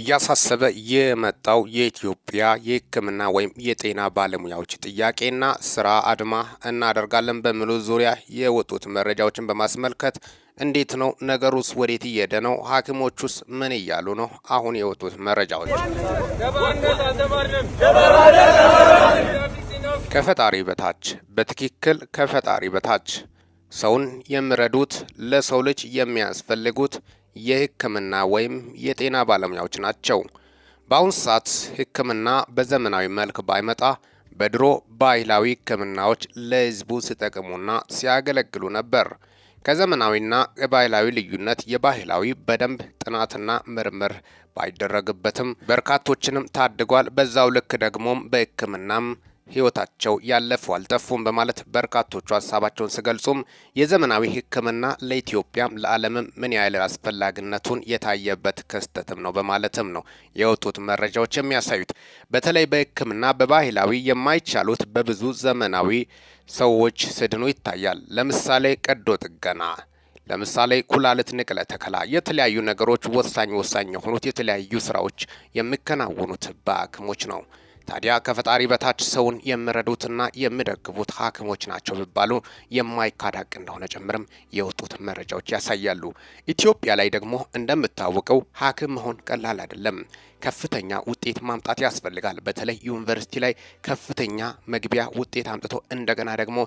እያሳሰበ የመጣው የኢትዮጵያ የሕክምና ወይም የጤና ባለሙያዎች ጥያቄና ስራ አድማ እናደርጋለን በሚሉ ዙሪያ የወጡት መረጃዎችን በማስመልከት እንዴት ነው ነገሩስ? ወዴት እየሄደ ነው? ሐኪሞቹስ ምን እያሉ ነው? አሁን የወጡት መረጃዎች ከፈጣሪ በታች በትክክል ከፈጣሪ በታች ሰውን የሚረዱት ለሰው ልጅ የሚያስፈልጉት የህክምና ወይም የጤና ባለሙያዎች ናቸው። በአሁን ሰዓት ህክምና በዘመናዊ መልክ ባይመጣ በድሮ ባህላዊ ህክምናዎች ለህዝቡ ሲጠቅሙና ሲያገለግሉ ነበር። ከዘመናዊና ከባህላዊ ልዩነት የባህላዊ በደንብ ጥናትና ምርምር ባይደረግበትም በርካቶችንም ታድጓል። በዛው ልክ ደግሞም በህክምናም ህይወታቸው ያለፉ አልጠፉም በማለት በርካቶቹ ሀሳባቸውን ሲገልጹም የዘመናዊ ሕክምና ለኢትዮጵያም ለዓለምም ምን ያህል አስፈላጊነቱን የታየበት ክስተትም ነው በማለትም ነው የወጡት መረጃዎች የሚያሳዩት። በተለይ በሕክምና በባህላዊ የማይቻሉት በብዙ ዘመናዊ ሰዎች ስድኑ ይታያል። ለምሳሌ ቀዶ ጥገና ለምሳሌ ኩላሊት ንቅለ ተከላ፣ የተለያዩ ነገሮች ወሳኝ ወሳኝ የሆኑት የተለያዩ ስራዎች የሚከናወኑት በሐኪሞች ነው። ታዲያ ከፈጣሪ በታች ሰውን የምረዱትና የምደግፉት ሐኪሞች ናቸው ቢባሉ የማይካዳቅ እንደሆነ ጭምርም የወጡት መረጃዎች ያሳያሉ። ኢትዮጵያ ላይ ደግሞ እንደምታወቀው ሐኪም መሆን ቀላል አይደለም። ከፍተኛ ውጤት ማምጣት ያስፈልጋል። በተለይ ዩኒቨርሲቲ ላይ ከፍተኛ መግቢያ ውጤት አምጥቶ እንደገና ደግሞ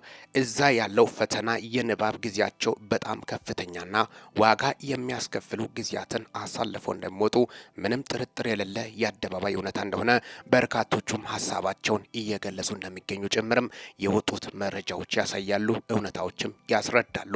እዛ ያለው ፈተና የንባብ ጊዜያቸው በጣም ከፍተኛና ዋጋ የሚያስከፍሉ ጊዜያትን አሳልፈው እንደሚወጡ ምንም ጥርጥር የሌለ የአደባባይ እውነታ እንደሆነ በርካቶቹም ሀሳባቸውን እየገለጹ እንደሚገኙ ጭምርም የወጡት መረጃዎች ያሳያሉ፣ እውነታዎችም ያስረዳሉ።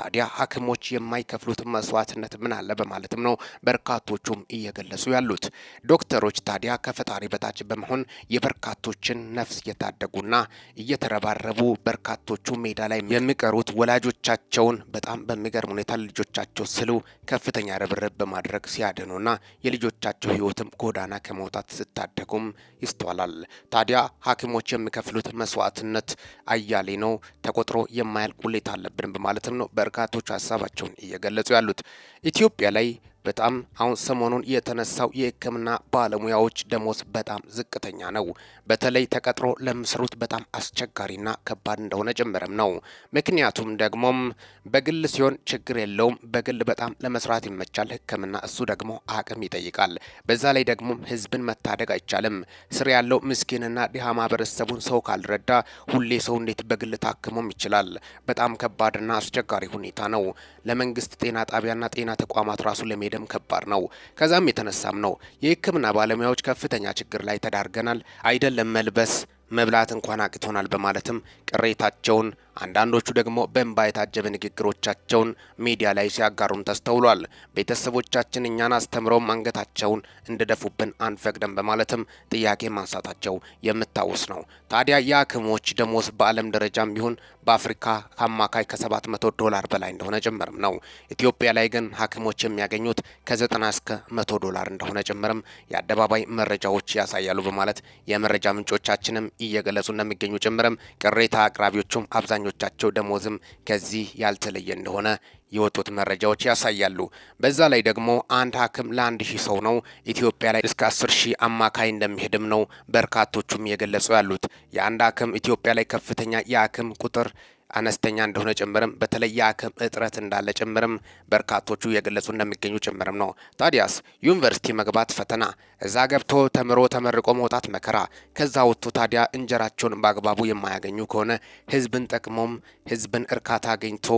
ታዲያ ሐኪሞች የማይከፍሉት መስዋዕትነት ምን አለ በማለትም ነው በርካቶቹም እየገለጹ ያሉት። ዶክተሮች ታዲያ ከፈጣሪ በታች በመሆን የበርካቶችን ነፍስ እየታደጉና እየተረባረቡ በርካቶቹ ሜዳ ላይ የሚቀሩት ወላጆቻቸውን በጣም በሚገርም ሁኔታ ልጆቻቸው ስሉ ከፍተኛ ርብርብ በማድረግ ሲያድኑና የልጆቻቸው ህይወትም ጎዳና ከመውጣት ስታደጉም ይስተዋላል። ታዲያ ሐኪሞች የሚከፍሉት መስዋዕትነት አያሌ ነው፣ ተቆጥሮ የማያልቅ ውለታ አለብን በማለትም ነው በርካቶች ሀሳባቸውን እየገለጹ ያሉት ኢትዮጵያ ላይ በጣም አሁን ሰሞኑን የተነሳው የሕክምና ባለሙያዎች ደሞዝ በጣም ዝቅተኛ ነው። በተለይ ተቀጥሮ ለሚሰሩት በጣም አስቸጋሪና ከባድ እንደሆነ ጭምርም ነው። ምክንያቱም ደግሞም በግል ሲሆን ችግር የለውም፣ በግል በጣም ለመስራት ይመቻል። ሕክምና እሱ ደግሞ አቅም ይጠይቃል። በዛ ላይ ደግሞ ህዝብን መታደግ አይቻልም። ስር ያለው ምስኪንና ድሃ ማህበረሰቡን ሰው ካልረዳ ሁሌ ሰው እንዴት በግል ታክሞም ይችላል? በጣም ከባድና አስቸጋሪ ሁኔታ ነው። ለመንግስት ጤና ጣቢያና ጤና ተቋማት ራሱ ለሜ መሄድም ከባድ ነው። ከዛም የተነሳም ነው የህክምና ባለሙያዎች ከፍተኛ ችግር ላይ ተዳርገናል፣ አይደለም መልበስ መብላት እንኳን አቅቶናል በማለትም ቅሬታቸውን አንዳንዶቹ ደግሞ በእንባ የታጀበ ንግግሮቻቸውን ሚዲያ ላይ ሲያጋሩም ተስተውሏል። ቤተሰቦቻችን እኛን አስተምረውም አንገታቸውን እንደደፉብን አንፈቅደም በማለትም ጥያቄ ማንሳታቸው የምታወስ ነው። ታዲያ የሐኪሞች ደሞዝ በዓለም ደረጃም ቢሆን በአፍሪካ ከአማካይ ከ700 ዶላር በላይ እንደሆነ ጭምርም ነው። ኢትዮጵያ ላይ ግን ሐኪሞች የሚያገኙት ከ90 እስከ 100 ዶላር እንደሆነ ጭምርም የአደባባይ መረጃዎች ያሳያሉ በማለት የመረጃ ምንጮቻችንም እየገለጹ እንደሚገኙ ጭምርም ቅሬታ አቅራቢዎቹም አብዛኞ የሰራተኞቻቸው ደሞዝም ከዚህ ያልተለየ እንደሆነ የወጡት መረጃዎች ያሳያሉ። በዛ ላይ ደግሞ አንድ ሐኪም ለአንድ ሺህ ሰው ነው ኢትዮጵያ ላይ እስከ አስር ሺህ አማካይ እንደሚሄድም ነው በርካቶቹም እየገለጹ ያሉት። የአንድ ሐኪም ኢትዮጵያ ላይ ከፍተኛ የሐኪም ቁጥር አነስተኛ እንደሆነ ጭምርም በተለየ አቅም እጥረት እንዳለ ጭምርም በርካቶቹ የገለጹ እንደሚገኙ ጭምርም ነው። ታዲያስ ዩኒቨርሲቲ መግባት ፈተና፣ እዛ ገብቶ ተምሮ ተመርቆ መውጣት መከራ፣ ከዛ ወጥቶ ታዲያ እንጀራቸውን በአግባቡ የማያገኙ ከሆነ ህዝብን ጠቅሞም ህዝብን እርካታ አግኝቶ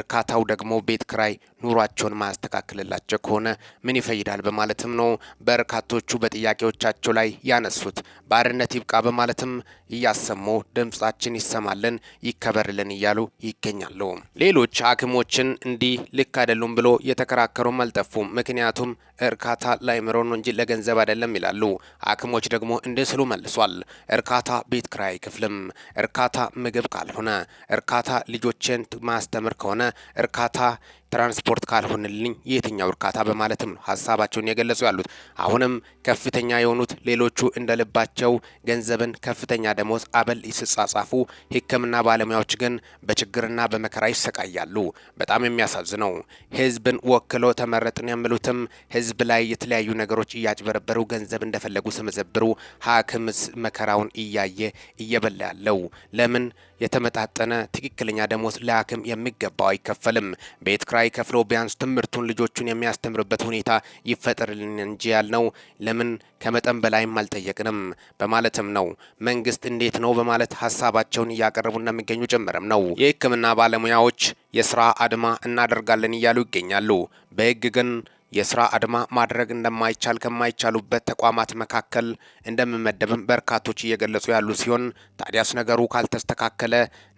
እርካታው ደግሞ ቤት ክራይ ኑሯቸውን ማያስተካክልላቸው ከሆነ ምን ይፈይዳል በማለትም ነው በርካቶቹ በጥያቄዎቻቸው ላይ ያነሱት። ባርነት ይብቃ በማለትም እያሰሙ ድምጻችን ይሰማልን ይከበርልን እያሉ ይገኛሉ። ሌሎች ሐኪሞችን እንዲህ ልክ አይደሉም ብሎ የተከራከሩም አልጠፉም። ምክንያቱም እርካታ ለአእምሮ ነው እንጂ ለገንዘብ አይደለም ይላሉ። ሐኪሞች ደግሞ እንዲህ ስሉ መልሷል። እርካታ ቤት ክራይ አይከፍልም። እርካታ ምግብ ካልሆነ፣ እርካታ ልጆችን ማስተምር ከሆነ፣ እርካታ ትራንስፖርት ካልሆንልኝ የትኛው እርካታ በማለትም ነው ሀሳባቸውን የገለጹ ያሉት። አሁንም ከፍተኛ የሆኑት ሌሎቹ እንደ ልባቸው ገንዘብን፣ ከፍተኛ ደሞዝ፣ አበል ሲጻጻፉ፣ ሕክምና ባለሙያዎች ግን በችግርና በመከራ ይሰቃያሉ። በጣም የሚያሳዝነው ህዝብን ወክሎ ተመረጥን የሚሉትም ህዝብ ላይ የተለያዩ ነገሮች እያጭበረበሩ ገንዘብ እንደፈለጉ ስመዘብሩ ሀክምስ መከራውን እያየ እየበላ ያለው ለምን የተመጣጠነ ትክክለኛ ደሞዝ ለሀክም የሚገባው አይከፈልም? ቤት ኪራይ ከፍሎ ቢያንስ ትምህርቱን ልጆቹን የሚያስተምርበት ሁኔታ ይፈጠርልን እንጂ ያልነው ለምን ከመጠን በላይም አልጠየቅንም በማለትም ነው። መንግስት እንዴት ነው በማለት ሀሳባቸውን እያቀረቡ እንደሚገኙ ጭምርም ነው። የህክምና ባለሙያዎች የስራ አድማ እናደርጋለን እያሉ ይገኛሉ። በህግ ግን የስራ አድማ ማድረግ እንደማይቻል ከማይቻሉበት ተቋማት መካከል እንደምመደብም በርካቶች እየገለጹ ያሉ ሲሆን ታዲያስ ነገሩ ካልተስተካከለ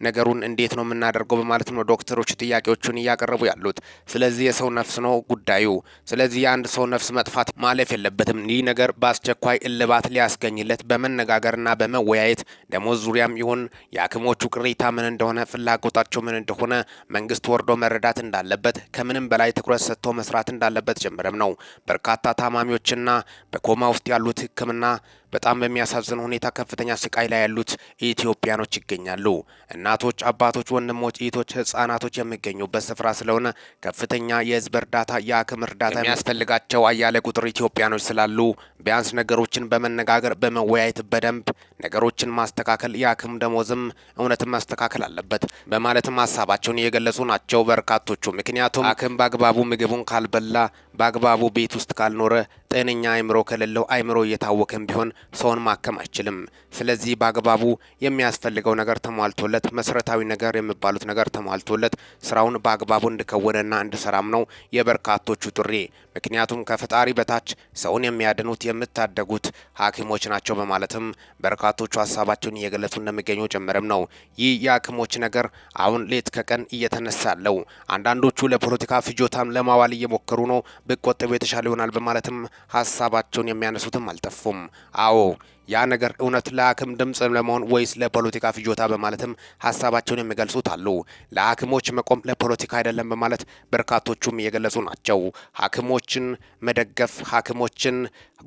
ነገሩን እንዴት ነው የምናደርገው? በማለት ነው ዶክተሮች ጥያቄዎቹን እያቀረቡ ያሉት። ስለዚህ የሰው ነፍስ ነው ጉዳዩ። ስለዚህ የአንድ ሰው ነፍስ መጥፋት ማለፍ የለበትም። ይህ ነገር በአስቸኳይ እልባት ሊያስገኝለት በመነጋገርና በመወያየት ደሞዝ ዙሪያም ይሁን የሐኪሞቹ ቅሬታ ምን እንደሆነ ፍላጎታቸው ምን እንደሆነ መንግስት ወርዶ መረዳት እንዳለበት ከምንም በላይ ትኩረት ሰጥቶ መስራት እንዳለበት እየተጀመረም ነው። በርካታ ታማሚዎችና በኮማ ውስጥ ያሉት ህክምና በጣም በሚያሳዝን ሁኔታ ከፍተኛ ስቃይ ላይ ያሉት ኢትዮጵያኖች ይገኛሉ። እናቶች፣ አባቶች፣ ወንድሞች፣ እህቶች፣ ህጻናቶች የሚገኙበት ስፍራ ስለሆነ ከፍተኛ የህዝብ እርዳታ፣ የአክም እርዳታ የሚያስፈልጋቸው አያለ ቁጥር ኢትዮጵያኖች ስላሉ ቢያንስ ነገሮችን በመነጋገር በመወያየት በደንብ ነገሮችን ማስተካከል የአክም ደሞዝም እውነትም መስተካከል አለበት በማለትም ሀሳባቸውን እየገለጹ ናቸው በርካቶቹ። ምክንያቱም አክም በአግባቡ ምግቡን ካልበላ በአግባቡ ቤት ውስጥ ካልኖረ ጤነኛ አይምሮ ከሌለው አይምሮ እየታወከም ቢሆን ሰውን ማከም አይችልም። ስለዚህ በአግባቡ የሚያስፈልገው ነገር ተሟልቶለት መሰረታዊ ነገር የሚባሉት ነገር ተሟልቶለት ስራውን በአግባቡ እንድከወነና እንድሰራም ነው የበርካቶቹ ጥሪ። ምክንያቱም ከፈጣሪ በታች ሰውን የሚያድኑት የምታደጉት ሐኪሞች ናቸው በማለትም በርካቶቹ ሀሳባቸውን እየገለጹ እንደሚገኙ ጭምርም ነው። ይህ የሐኪሞች ነገር አሁን ሌት ከቀን እየተነሳ ያለው አንዳንዶቹ ለፖለቲካ ፍጆታም ለማዋል እየሞከሩ ነው። ብቆጠቡ የተሻለ ይሆናል በማለትም ሀሳባቸውን የሚያነሱትም አልጠፉም። አዎ ያ ነገር እውነት ለሐኪም ድምፅ ለመሆን ወይስ ለፖለቲካ ፍጆታ በማለትም ሀሳባቸውን የሚገልጹት አሉ። ለሐኪሞች መቆም ለፖለቲካ አይደለም በማለት በርካቶቹም እየገለጹ ናቸው። ሐኪሞችን መደገፍ ሐኪሞችን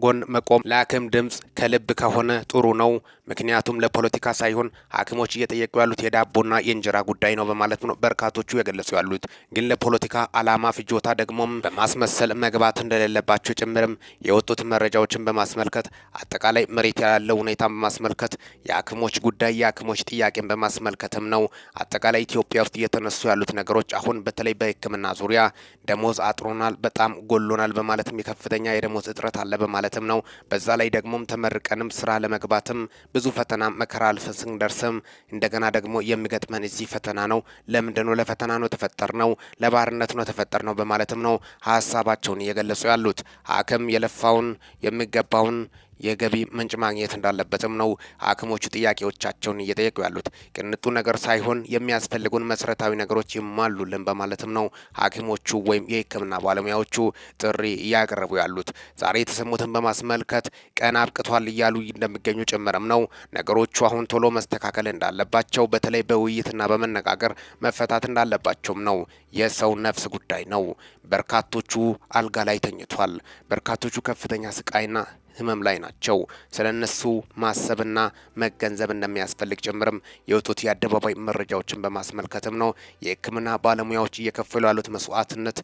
ጎን መቆም ለሐኪም ድምፅ ከልብ ከሆነ ጥሩ ነው። ምክንያቱም ለፖለቲካ ሳይሆን ሐኪሞች እየጠየቁ ያሉት የዳቦና የእንጀራ ጉዳይ ነው በማለት ነው በርካቶቹ የገለጹ ያሉት። ግን ለፖለቲካ አላማ ፍጆታ ደግሞም በማስመሰል መግባት እንደሌለባቸው ጭምርም የወጡት መረጃዎችን በማስመልከት አጠቃላይ መሬት ያለው ሁኔታ በማስመልከት የሐኪሞች ጉዳይ የሐኪሞች ጥያቄን በማስመልከትም ነው አጠቃላይ ኢትዮጵያ ውስጥ እየተነሱ ያሉት ነገሮች አሁን በተለይ በሕክምና ዙሪያ ደሞዝ አጥሮናል፣ በጣም ጎሎናል በማለትም የከፍተኛ የደሞዝ እጥረት አለ በማለት ማለትም ነው። በዛ ላይ ደግሞም ተመርቀንም ስራ ለመግባትም ብዙ ፈተና መከራ አልፈን ስንደርስም እንደገና ደግሞ የሚገጥመን እዚህ ፈተና ነው። ለምንድን ነው ለፈተና ነው ተፈጠር ነው ለባርነት ነው ተፈጠር ነው በማለትም ነው ሀሳባቸውን እየገለጹ ያሉት። ሀክም የለፋውን የሚገባውን የገቢ ምንጭ ማግኘት እንዳለበትም ነው ሐኪሞቹ ጥያቄዎቻቸውን እየጠየቁ ያሉት። ቅንጡ ነገር ሳይሆን የሚያስፈልጉን መሰረታዊ ነገሮች ይሟሉልን በማለትም ነው ሐኪሞቹ ወይም የሕክምና ባለሙያዎቹ ጥሪ እያቀረቡ ያሉት። ዛሬ የተሰሙትን በማስመልከት ቀን አብቅቷል እያሉ እንደሚገኙ ጭምርም ነው። ነገሮቹ አሁን ቶሎ መስተካከል እንዳለባቸው፣ በተለይ በውይይትና በመነጋገር መፈታት እንዳለባቸውም ነው። የሰው ነፍስ ጉዳይ ነው። በርካቶቹ አልጋ ላይ ተኝቷል። በርካቶቹ ከፍተኛ ስቃይና ህመም ላይ ናቸው። ስለ እነሱ ማሰብና መገንዘብ እንደሚያስፈልግ ጭምርም የወጡት የአደባባይ መረጃዎችን በማስመልከትም ነው የህክምና ባለሙያዎች እየከፈሉ ያሉት መስዋዕትነት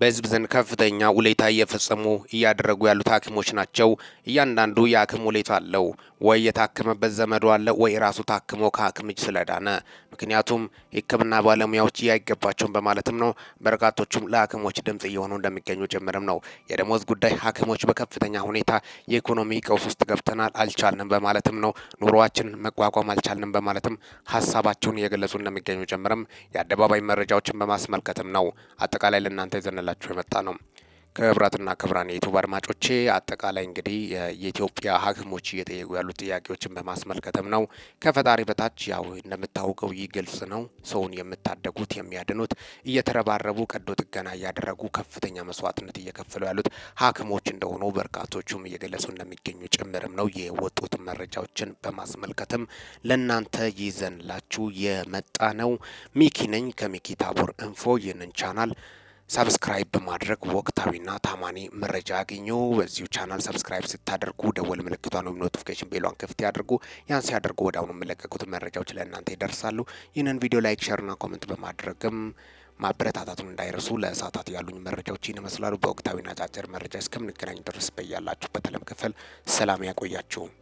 በህዝብ ዘንድ ከፍተኛ ውለታ እየፈጸሙ እያደረጉ ያሉት ሐኪሞች ናቸው። እያንዳንዱ የሐኪም ውለታ አለው ወይ የታከመበት ዘመዱ አለ ወይ ራሱ ታክሞ ከሐኪም እጅ ስለዳነ። ምክንያቱም ህክምና ባለሙያዎች እያይገባቸውን በማለትም ነው። በርካቶቹም ለሐኪሞች ድምጽ እየሆኑ እንደሚገኙ ጭምርም ነው። የደሞዝ ጉዳይ ሐኪሞች በከፍተኛ ሁኔታ የኢኮኖሚ ቀውስ ውስጥ ገብተናል አልቻልንም በማለትም ነው ኑሮዋችንን መቋቋም አልቻልንም በማለትም ሀሳባቸውን እየገለጹ እንደሚገኙ ጭምርም የአደባባይ መረጃዎችን በማስመልከትም ነው። አጠቃላይ ለእናንተ ዘነ ይዘንላችሁ የመጣ ነው። ክቡራትና ክብራን የዩቱብ አድማጮቼ አጠቃላይ እንግዲህ የኢትዮጵያ ሐኪሞች እየጠየቁ ያሉ ጥያቄዎችን በማስመልከትም ነው። ከፈጣሪ በታች ያው እንደምታውቀው ይህ ግልጽ ነው። ሰውን የምታደጉት የሚያድኑት እየተረባረቡ ቀዶ ጥገና እያደረጉ ከፍተኛ መስዋዕትነት እየከፈሉ ያሉት ሐኪሞች እንደሆኑ በርካቶቹም እየገለጹ እንደሚገኙ ጭምርም ነው የወጡት መረጃዎችን በማስመልከትም ለእናንተ ይዘንላችሁ የመጣ ነው። ሚኪ ነኝ ከሚኪ ታቦር ኢንፎ ይህንን ቻናል ሰብስክራይብ በማድረግ ወቅታዊና ታማኒ መረጃ ያገኙ። በዚሁ ቻናል ሰብስክራይብ ስታደርጉ ደወል ምልክቷን ወይም ኖቲፊኬሽን ቤሏን ክፍት ያድርጉ። ያን ሲያደርጉ ወደ አሁኑ የሚለቀቁት መረጃዎች ለእናንተ ይደርሳሉ። ይህንን ቪዲዮ ላይክ፣ ሸርና ኮመንት በማድረግም ማበረታታቱን እንዳይረሱ። ለእሳታት ያሉኝ መረጃዎችን ይመስላሉ። በወቅታዊና አጫጭር መረጃ እስከምንገናኝ ድረስ በያላችሁበት ዓለም ክፍል ሰላም ያቆያችሁም።